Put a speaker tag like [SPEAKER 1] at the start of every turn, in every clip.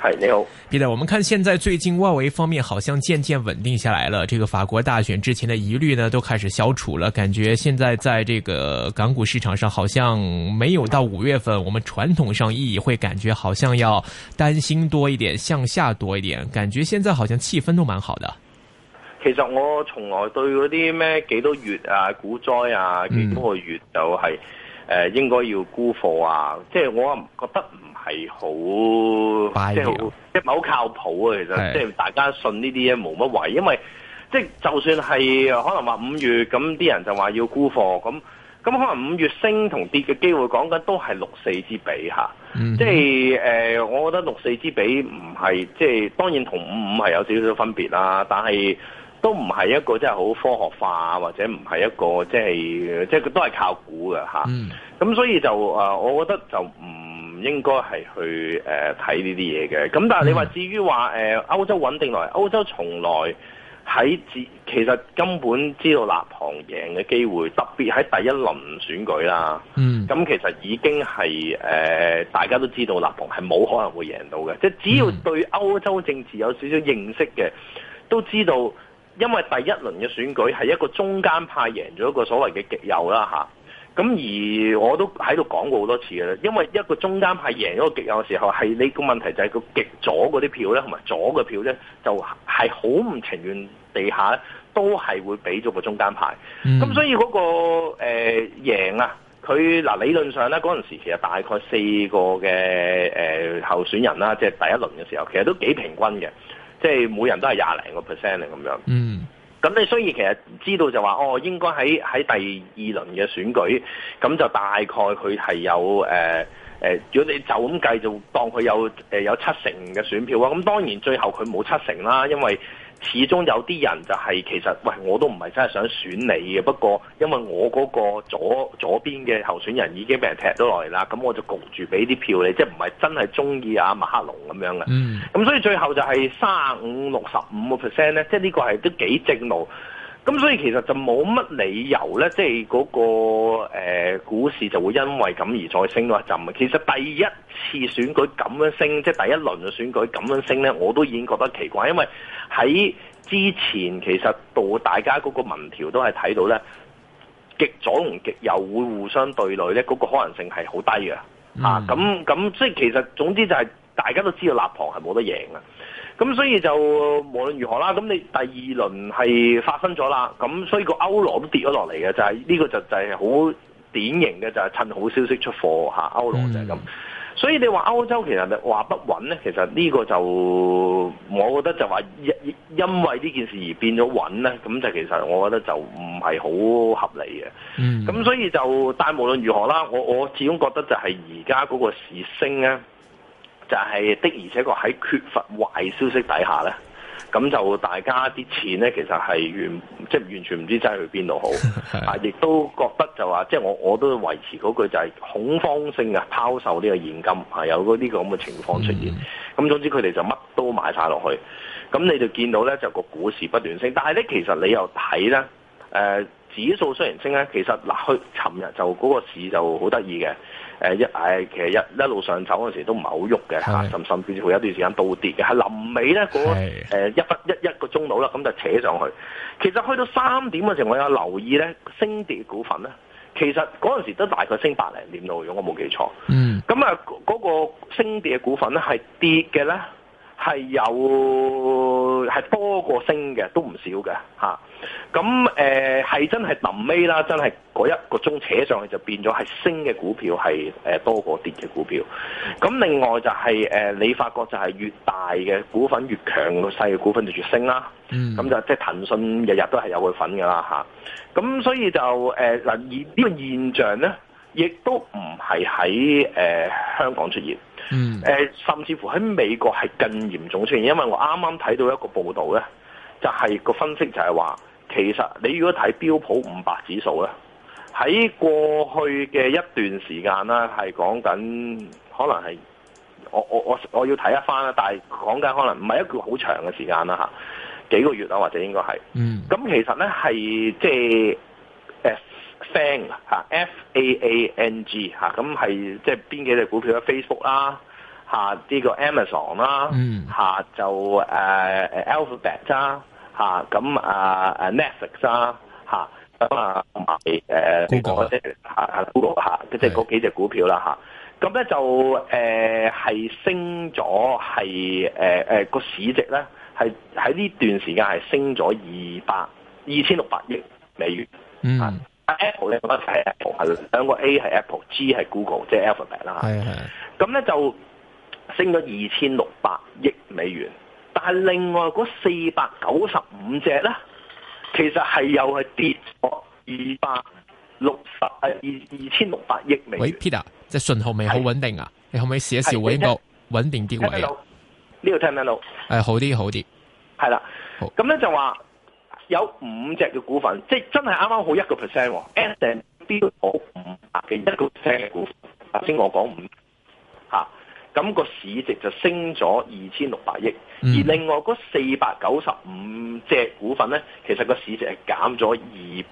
[SPEAKER 1] 係，你
[SPEAKER 2] 好，Peter。我們看現在最近外圍方面好像漸漸穩定下來了，這個法國大選之前的疑慮呢都開始消除了，感覺現在在這個港股市場上好像沒有到五月份，我們傳統上意義會感覺好像要擔心多一點，向下多一點，感覺現在好像氣氛都蠻好的。
[SPEAKER 1] 其實我從來對嗰啲咩幾多月啊股災啊幾多個月就係、是嗯呃、應該要沽貨啊，即、就、係、是、我唔覺得。係好，即係藥即係唔係好靠譜啊！其實，即係的大家信呢啲嘢冇乜謂，因為即係就算係可能話五月咁，啲人就話要沽貨，咁咁可能五月升同跌嘅機會講緊都係六四之比、嗯、哼即係誒、呃，我覺得六四之比唔係即係當然同五五係有少少分別啦，但係都唔係一個即係好科學化或者唔係一個即係即係都係靠估嘅嚇，咁、嗯啊、所以就我覺得就唔唔應該係去睇呢啲嘢嘅，咁、呃、但係你話至於話、呃、歐洲穩定落嚟，歐洲從來喺其實根本知道勒龐贏嘅機會，特別喺第一輪選舉啦。嗯，咁其實已經係、呃、大家都知道勒龐係冇可能會贏到嘅，即係只要對歐洲政治有少少認識嘅，都知道因為第一輪嘅選舉係一個中間派贏咗一個所謂嘅極右啦吓。咁而我都喺度講過好多次嘅喇，因為一個中間派贏咗個極右嘅時候，係你個問題就係個極左嗰啲票咧，同埋左嘅票咧，就係好唔情願地下，都係會俾咗個中間派。咁、嗯、所以嗰、嗰個、呃、贏啊，佢嗱理論上咧嗰陣時其實大概四個嘅、呃、候選人啦，即係第一輪嘅時候，其實都幾平均嘅，即係每人都係廿零個 percent 咁樣。嗯。咁你雖然其實知道就話哦，應該喺喺第二輪嘅選舉，咁就大概佢係有誒、呃呃、如果你就咁計就當佢有、呃、有七成嘅選票啊，咁當然最後佢冇七成啦，因為。始終有啲人就係、是、其實，喂，我都唔係真係想選你嘅，不過因為我嗰個左左邊嘅候選人已經俾人踢咗落嚟啦，咁我就焗住俾啲票你，即係唔係真係中意阿馬克龍咁樣嘅，咁、嗯、所以最後就係三十五六十五個 percent 咧，即係呢個係都幾正路。咁所以其實就冇乜理由呢。即係嗰個、呃、股市就會因為咁而再升，唔係？其實第一次選舉咁樣升，即係第一輪嘅選舉咁樣升呢，我都已經覺得奇怪，因為喺之前其實到大家嗰個民調都係睇到呢，極左同極右會互相對壘呢，嗰個可能性係好低嘅。嗯、啊，咁咁即係其實總之就係大家都知道立堂係冇得贏咁所以就無論如何啦，咁你第二輪係發生咗啦，咁所以個歐羅都跌咗落嚟嘅，就係、是、呢個就就係好典型嘅，就係、是、趁好消息出貨歐羅就係咁。嗯、所以你話歐洲其實話不穩呢？其實呢個就我覺得就話因為呢件事而變咗穩呢。咁就其實我覺得就唔係好合理嘅。咁、嗯、所以就但無論如何啦，我我始終覺得就係而家嗰個市升呢就係的，而且確喺缺乏壞消息底下咧，咁就大家啲錢咧，其實係完即係完全唔知擠去邊度好， 啊，亦都覺得就話即係我我都維持嗰句就係恐慌性嘅拋售呢個現金，啊、有嗰呢個咁嘅情況出現。咁、嗯、總之佢哋就乜都買晒落去，咁你就見到咧就個股市不斷升，但係咧其實你又睇咧，誒、呃、指數雖然升咧，其實嗱去尋日就嗰、那個市就好得意嘅。誒一誒，其實一一路上走嗰陣時都唔係好喐嘅嚇，甚甚至乎有一段時間都跌嘅，係臨尾咧嗰一分一一個鐘到啦，咁就扯上去。其實去到三點嘅情況下，留意咧升跌股份咧，其實嗰陣時都大概升百零點到咗，我冇記錯。嗯，咁啊嗰個升跌嘅股份咧係跌嘅咧。係有係多過升嘅，都唔少嘅嚇。咁誒係真係臨尾啦，真係嗰一個鐘扯上去就變咗係升嘅股票係誒、啊、多過跌嘅股票。咁、啊、另外就係、是、誒、啊、你發覺就係越大嘅股份越強個，細嘅股份就越升啦。
[SPEAKER 3] 咁、啊
[SPEAKER 1] 嗯、就即係騰訊日日都係有佢份㗎啦嚇。咁、啊啊、所以就誒嗱，而、啊、呢、這個現象咧，亦都唔係喺誒香港出現。嗯，誒、呃，甚至乎喺美國係更嚴重出現，因為我啱啱睇到一個報道咧，就係、是、個分析就係話，其實你如果睇標普五百指數咧，喺過去嘅一段時間啦，係講緊可能係，我我我我要睇一翻啦，但係講緊可能唔係一個好長嘅時間啦嚇，幾個月啊或者應該係，嗯，咁其實咧係即係。fan 嚇 f, ang, f a a n g 嚇，咁係即係邊幾隻股票咧？Facebook 啦嚇、嗯，呢、uh, uh, uh, 個 Amazon 啦嚇，就誒 Alphabet 啦，嚇，咁啊 Netflix 啦。嚇，咁啊同埋誒 Google 即係即係嗰幾隻股票啦嚇。咁咧是的、啊、就誒係、uh, 升咗，係誒誒個市值咧係喺呢段時間係升咗二百二千六百億美元，嗯。阿 Apple 咧，覺得係 Apple 係兩個 A 係 Apple，G 係 Google，即係 Alphabet 啦係係是咁是咧就升咗二千六百億美元，但係另外嗰四百九十五隻咧，其實係又係跌咗二百六百誒二二千六百億美元。
[SPEAKER 2] Peter，即係信號未好穩定啊？是 你可唔可以試一試會唔會穩定啲？位呢度聽唔聽到？誒，好啲好啲。
[SPEAKER 1] 係啦。咁咧就話。有五隻嘅股份，即係真係啱啱好一個 percent，and then 標普五百嘅一個 percent 嘅股份。頭先我講五嚇，啊，咁，嗰個市值就升咗二千六百億，而另外嗰四百九十五隻股份咧，其實嗰個市值係減咗二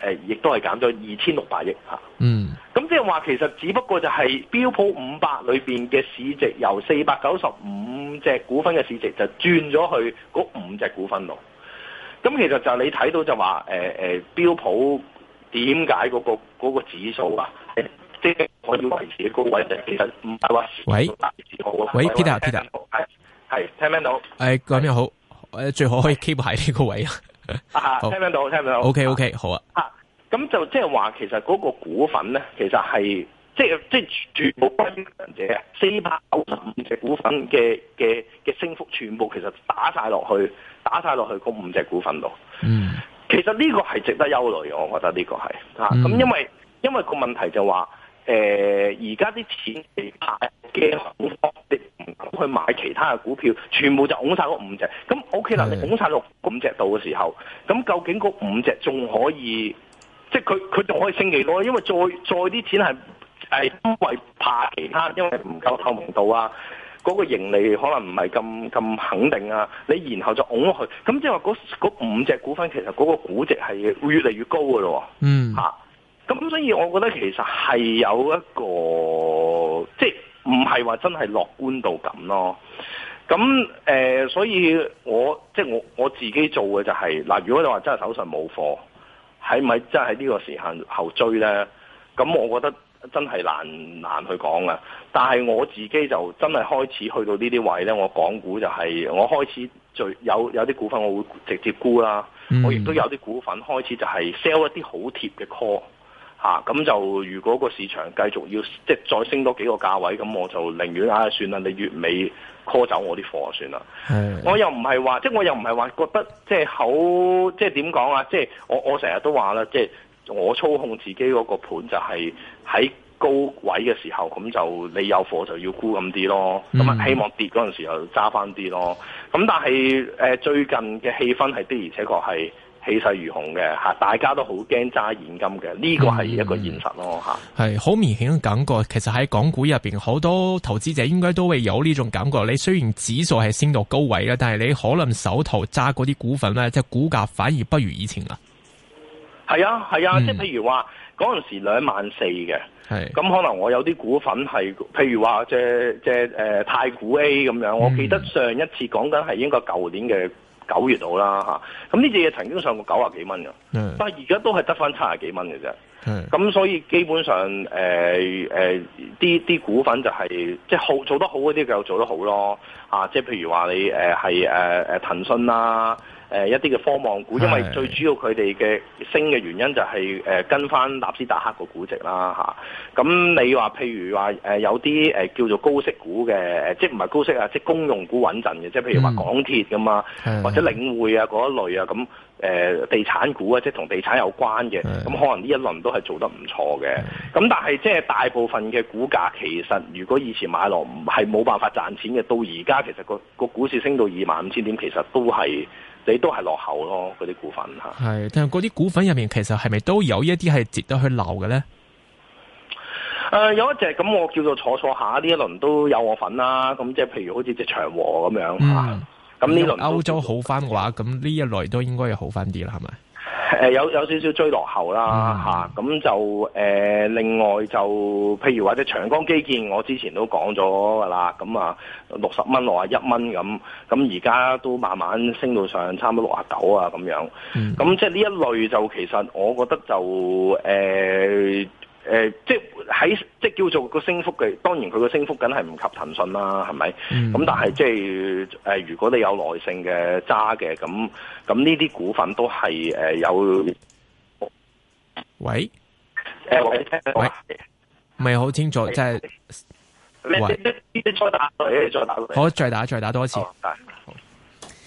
[SPEAKER 1] 百，誒，亦都係減咗二千六百億嚇。嗯、mm. 啊，咁即係話其實只不過就係標普五百裏邊嘅市值，由四百九十五隻股份嘅市值就轉咗去嗰五隻股份度。咁其實就係你睇到就話誒誒標普點解嗰個指數啊，即係可以維持喺高位嘅？其實唔係喎，喂，喂，Peter Peter 係係聽唔、
[SPEAKER 2] 哎、聽到？誒講咩好？誒最好可以 keep 喺呢個位
[SPEAKER 1] 啊。啊，聽唔聽到？聽唔聽到？OK OK，好啊。啊，咁就即係話其實嗰個股份咧，其實係。即係即係全部強者啊！四百九十五隻股份嘅嘅嘅升幅，全部其實打晒落去，打晒落去嗰五隻股份度。嗯，其實呢個係值得憂慮嘅，我覺得呢個係嚇。咁、嗯嗯、因為因為個問題就話，誒而家啲錢被怕嘅恐慌，你唔去買其他嘅股票，全部就拱晒嗰五隻。咁 OK 啦，的你拱晒六五隻度嘅時候，咁究竟嗰五隻仲可以？即係佢佢仲可以升幾多？因為再再啲錢係。因為怕其他，因為唔夠透明度啊，嗰、嗰個盈利可能唔係咁咁肯定啊，你然後就拱落去，咁即係話嗰五隻股份其實嗰個估值係會越嚟越高嘅咯，嗯嚇，咁、啊、所以我覺得其實係有一個即係唔係話真係樂觀到咁咯，咁誒、呃，所以我即係我我自己做嘅就係、是、嗱、呃，如果你話真係手上冇貨，係咪真係呢個時限後追咧？咁我覺得。真係難難去講啦，但係我自己就真係開始去到呢啲位呢。我講股就係我開始最有有啲股份我會直接沽啦，我亦都有啲股份開始就係 sell 一啲好貼嘅 call 吓、啊、咁就如果個市場繼續要即係再升多幾個價位，咁我就寧願啊、哎、算啦，你月尾 call 走我啲貨算啦。是的 我又唔係話即係我又唔係話覺得即係好即係點講啊，即係我我成日都話啦，即係。我操控自己嗰個盤就係喺高位嘅時候，咁就你有貨就要沽咁啲咯。咁啊，希望跌嗰陣時候揸翻啲咯。咁但係誒、呃、最近嘅氣氛係的而且確係氣勢如虹嘅嚇，大家都好驚揸現金嘅。呢、呢個係一個現實咯嚇。
[SPEAKER 3] 係
[SPEAKER 2] 好明顯嘅感覺，其實喺港股入邊好多投資者應該都會有呢種感覺。你雖然指數係升到高位啦，但係你可能手頭揸嗰啲股份咧，即係股價反而不如以前啦。
[SPEAKER 1] 係啊，係啊，即係譬如話嗰陣時兩萬四嘅，咁、嗯、可能我有啲股份係，譬如話借借誒、呃、太古 A 咁樣，我記得上一次講緊係應該舊年嘅九月度啦吓，咁呢隻嘢曾經上過九十幾蚊嘅，但係而家都係得翻七十幾蚊嘅啫，咁是、嗯、所以基本上誒啲啲股份就係、是、即係好做得好嗰啲就做得好咯。啊、即係譬如話你係誒誒騰訊啦。啊誒、呃、一啲嘅科網股，因為最主要佢哋嘅升嘅原因就係、是、誒、呃、跟翻納斯達克個估值啦吓咁、啊、你話譬如話誒、呃、有啲誒、呃、叫做高息股嘅，即係唔係高息啊？即係公用股穩陣嘅，即係譬如話港鐵咁啊，嗯、
[SPEAKER 3] 或者領
[SPEAKER 1] 匯啊嗰一類啊，咁、呃、誒地產股啊，即係同地產有關嘅，咁的可能呢一輪都係做得唔錯嘅。咁的但係即係大部分嘅股價，其實如果以前買落係冇辦法賺錢嘅，到而家其實個，個股市升到二萬五千點，其實都係。你都係落後咯，嗰啲股份吓。
[SPEAKER 2] 係，但係嗰啲股份入面，其實係咪都有一啲係值得去撈嘅咧？
[SPEAKER 1] 誒、呃，有一隻咁，我叫做坐坐下呢一輪都有我份啦。咁即係譬如好似隻長和咁樣啊。咁呢輪
[SPEAKER 2] 歐洲好翻嘅話，咁呢一類都應該又好翻啲啦，係咪？
[SPEAKER 1] 呃、有有少少追落後啦，咁、啊啊、就誒、呃、另外就譬如話或者長江基建，我之前都講咗㗎啦，咁啊六十蚊六啊一蚊咁，咁而家都慢慢升到上差唔多六啊九啊咁樣，咁即係呢一類就其實我覺得就誒。呃誒、呃，即係喺即叫做個升幅嘅，當然佢個升幅梗係唔及騰訊啦，係咪？咁、嗯、但係即係、呃、如果你有耐性嘅揸嘅，咁咁呢啲股份都係誒有。呃、喂？誒、呃，喂？
[SPEAKER 2] 唔係好清楚，即
[SPEAKER 1] 係。可再打，再打，再打，再打，
[SPEAKER 2] 再打多次。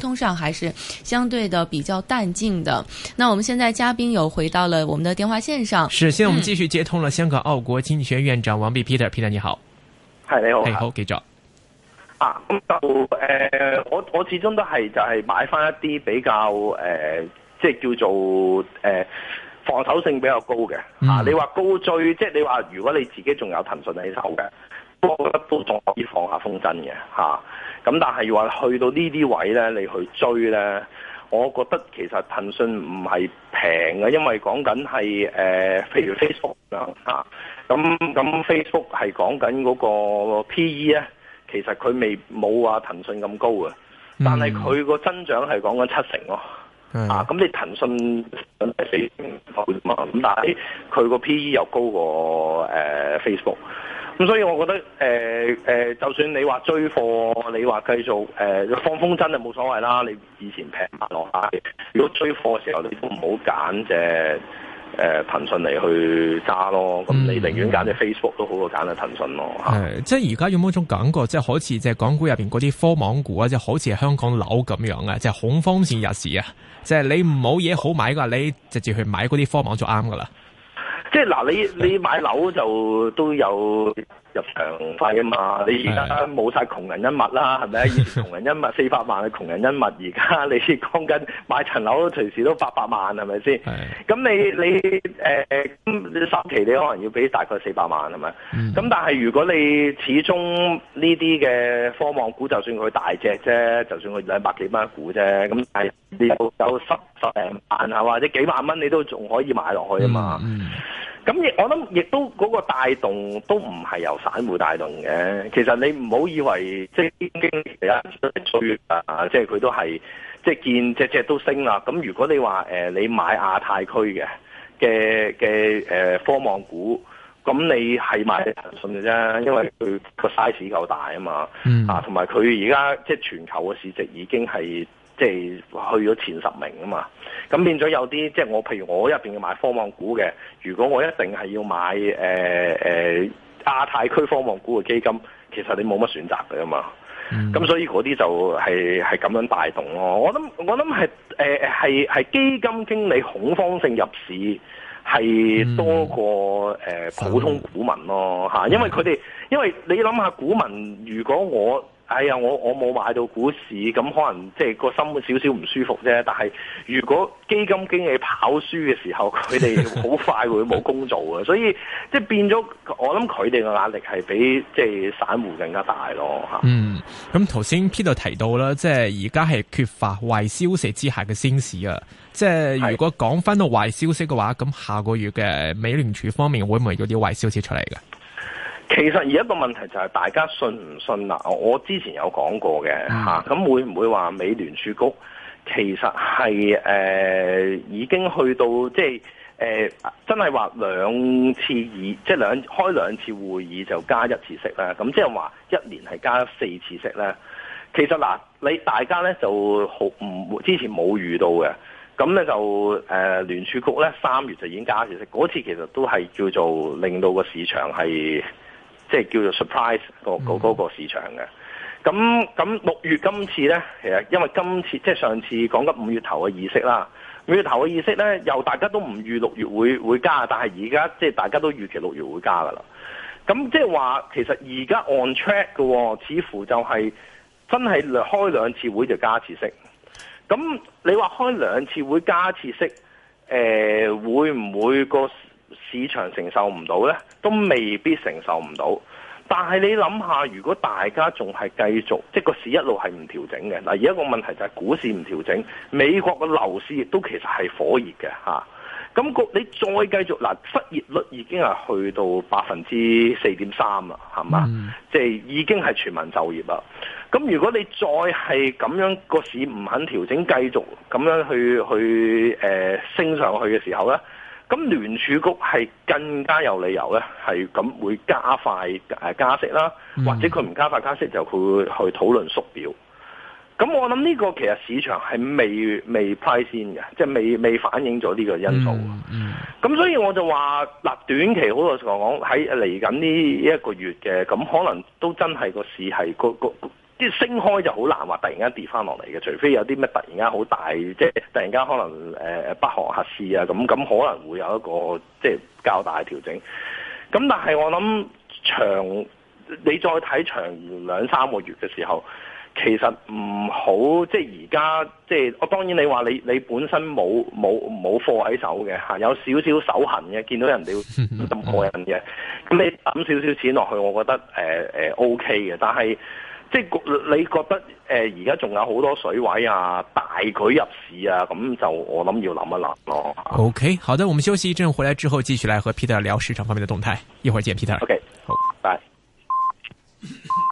[SPEAKER 4] 通上還是相對的比較淡靜的。那我們現在嘉賓又回到了我們的電話線上。是，現在我們繼
[SPEAKER 2] 續接通了香港澳國經濟學院長王弼 Peter，Peter 你好。
[SPEAKER 1] 係你好、啊，係、hey，好，
[SPEAKER 2] 繼續。啊，咁、
[SPEAKER 1] 嗯、就誒、呃，我我始終都係就係買翻一啲比較誒、呃，即係叫做誒、呃，防守性比較高嘅。啊，嗯、你話高追，即、就、係、是、你話如果你自己仲有騰訊喺手嘅，我覺得都仲可以放下風箏嘅，吓、啊。咁但係話去到呢啲位咧，你去追咧，我覺得其實騰訊唔係平嘅，因為講緊係誒，譬如 Facebook 啊，咁咁 Facebook 係講緊嗰個 P E 咧，其實佢未冇話騰訊咁高嘅，但係佢個增長係講緊七成咯，啊，咁你騰訊係四，咁但係佢個 P E 又高過、呃、Facebook。咁所以，我覺得誒誒、呃呃，就算你話追貨，你話繼續誒、呃、放風箏就冇所謂啦。你以前平落啦，如果追貨嘅時候你都唔、呃、好揀隻誒騰訊嚟去揸咯。咁你寧願揀隻 Facebook 都好過揀啊騰訊咯嚇。
[SPEAKER 2] 即係而家有冇一種感覺，即係好似即港股入邊嗰啲科網股啊，即係好似係香港樓咁樣啊，即係恐慌市日時啊，即係你唔好嘢好買噶，你直接去買嗰啲科網就啱噶啦。
[SPEAKER 1] 即係嗱，你你買樓就都有入場費啊嘛！你而家冇曬窮人恩物啦，係咪？ 以前窮人恩物四百萬嘅窮人恩物，而家你講緊買層樓隨時都八百萬，係咪先？咁 你你誒咁、呃、你三期你可能要俾大概四百萬係咪？咁、嗯、但係如果你始終呢啲嘅科網股，就算佢大隻啫，就算佢兩百幾蚊股啫，咁係你有十十零萬啊，或者幾萬蚊，你都仲可以買落去啊嘛！嗯嗯咁亦我諗亦都嗰個帶動都唔係由散戶帶動嘅，其實你唔好以為即係而家都係追啊，即係佢都係即係見隻只都升啦。咁如果你話誒、呃、你買亞太區嘅嘅嘅誒科網股，咁你係買騰訊嘅啫，因為佢個 size 夠大啊嘛，嗯、啊同埋佢而家即係全球嘅市值已經係。即係去咗前十名啊嘛，咁變咗有啲即係我譬如我入面要買科網股嘅，如果我一定係要買誒誒、呃呃、亞太區科網股嘅基金，其實你冇乜選擇㗎嘛，咁所以嗰啲就係係咁樣帶動咯。我諗我諗係係係基金經理恐慌性入市係多過誒、嗯呃、普通股民咯，因為佢哋因為你諗下股民如果我哎呀，我我冇買到股市，咁可能即係個心會少少唔舒服啫。但係如果基金經理跑輸嘅時候，佢哋好快會冇工做啊。 所以即係變咗，我諗佢哋嘅壓力係比即係散戶更加大咯嚇。嗯，
[SPEAKER 2] 咁頭先 Peter 提到啦，即係而家係缺乏壞消息之下嘅先市啊。即係如果講翻到壞消息嘅話，咁下個月嘅美聯儲方面會唔會有啲壞消息出嚟嘅？
[SPEAKER 1] 其實而家個問題就係大家信唔信啦、啊。我之前有講過嘅嚇，咁會唔會話美聯儲局其實係誒、呃、已經去到即係誒、呃、真係話兩次議即係兩開兩次會議就加一次息啦。咁即係話一年係加四次息咧。其實嗱、呃，你大家咧就好唔之前冇遇到嘅，咁咧就誒、呃、聯儲局咧三月就已經加一次息，嗰次其實都係叫做令到個市場係。即係叫做 surprise 個個嗰個市場嘅，咁咁六月今次呢，其實因為今次即係上次講緊五月頭嘅議息啦，五月頭嘅議息呢，又大家都唔預六月會會加，但係而家即係大家都預期六月會加㗎啦。咁即係話其實而家 on track 嘅，哦，似乎就係真係開兩次會就加一次息。咁你話開兩次會加一次息，誒、呃、會唔會個？市場承受唔到呢，都未必承受唔到。但係你諗下，如果大家仲係繼續，即係個市一路係唔調整嘅。嗱，而一個問題就係股市唔調整，美國嘅樓市亦都其實係火熱嘅吓咁個、啊、你再繼續嗱、啊，失業率已經係去到百分之四點三啊，係嘛？Mm. 即係已經係全民就業啦。咁如果你再係咁樣個市唔肯調整，繼續咁樣去去誒、呃、升上去嘅時候呢。咁聯儲局係更加有理由咧，係咁會加快加息啦，或者佢唔加快加息就佢會去討論縮表。咁我諗呢個其實市場係未未 price in 嘅，即係未未反映咗呢個因素。咁、嗯嗯、所以我就話嗱，短期好多時講喺嚟緊呢一個月嘅，咁可能都真係個市係即升開就好難，話突然間跌翻落嚟嘅，除非有啲咩突然間好大，即係突然間可能誒北韓核試啊，咁咁可能會有一個即係較大嘅調整。咁但係我諗長你再睇長兩三個月嘅時候，其實唔好即係而家即係我當然你話你你本身冇冇冇貨喺手嘅吓，有少少手痕嘅，見到人哋咁過癮嘅，咁你抌少少錢落去，我覺得誒誒 O K 嘅，但係。即係你覺得誒而家仲有好多水位啊，大舉入市啊，咁就我諗要諗一諗咯。
[SPEAKER 2] OK，好的，我們休息一陣，回來之後繼續來和 Peter 聊市場方面的動態。一會兒見，Peter。
[SPEAKER 3] OK，好，拜。Bye.